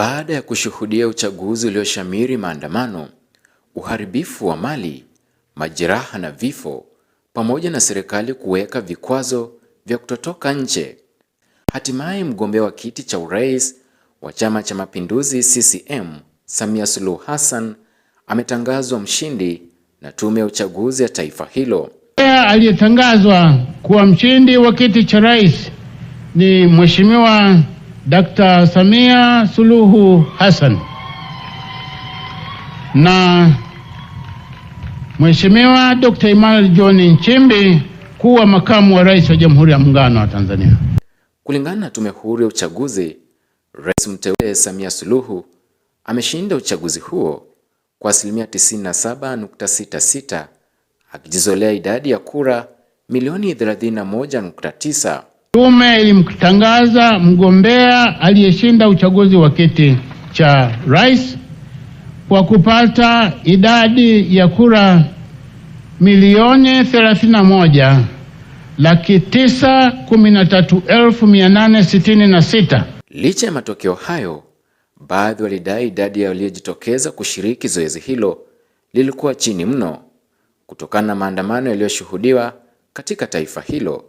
Baada ya kushuhudia uchaguzi ulioshamiri maandamano, uharibifu wa mali, majeraha na vifo, pamoja na serikali kuweka vikwazo vya kutotoka nje, hatimaye mgombea wa kiti cha urais wa Chama cha Mapinduzi CCM Samia Suluhu Hassan ametangazwa mshindi na Tume ya Uchaguzi ya taifa hilo. Aliyetangazwa kuwa mshindi wa kiti cha rais ni Mheshimiwa Dkt. Samia Suluhu Hassan na Mheshimiwa Dkt. Emmanuel John Nchimbi kuwa makamu wa rais wa Jamhuri ya Muungano wa Tanzania. Kulingana na Tume Huru ya Uchaguzi, Rais mteule Samia Suluhu ameshinda uchaguzi huo kwa asilimia 97.66 akijizolea idadi ya kura milioni 31.9 Tume ilimtangaza mgombea aliyeshinda uchaguzi wa kiti cha rais kwa kupata idadi ya kura milioni 31 laki 913,866. Licha ya matokeo hayo, baadhi walidai idadi ya waliojitokeza kushiriki zoezi hilo lilikuwa chini mno kutokana na maandamano yaliyoshuhudiwa katika taifa hilo.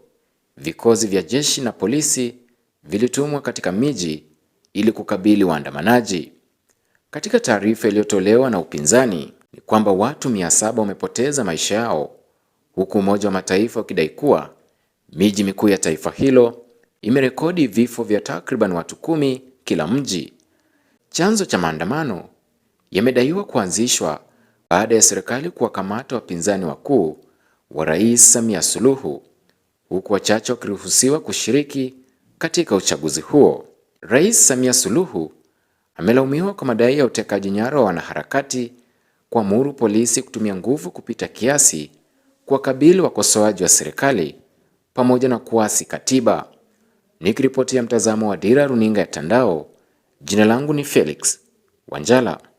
Vikosi vya jeshi na polisi vilitumwa katika miji ili kukabili waandamanaji. Katika taarifa iliyotolewa na upinzani ni kwamba watu 700 wamepoteza maisha yao, huku Umoja wa Mataifa ukidai kuwa miji mikuu ya taifa hilo imerekodi vifo vya takriban watu kumi kila mji. Chanzo cha maandamano yamedaiwa kuanzishwa baada ya serikali kuwakamata wapinzani wakuu wa Rais Samia Suluhu huku wachache wakiruhusiwa kushiriki katika uchaguzi huo. Rais Samia Suluhu amelaumiwa kwa madai ya utekaji nyara wa wanaharakati, kuamuru polisi kutumia nguvu kupita kiasi, kuwakabili wakosoaji wa serikali pamoja na kuasi katiba. Nikiripoti ya mtazamo wa Dira Runinga ya Tandao, jina langu ni Felix Wanjala.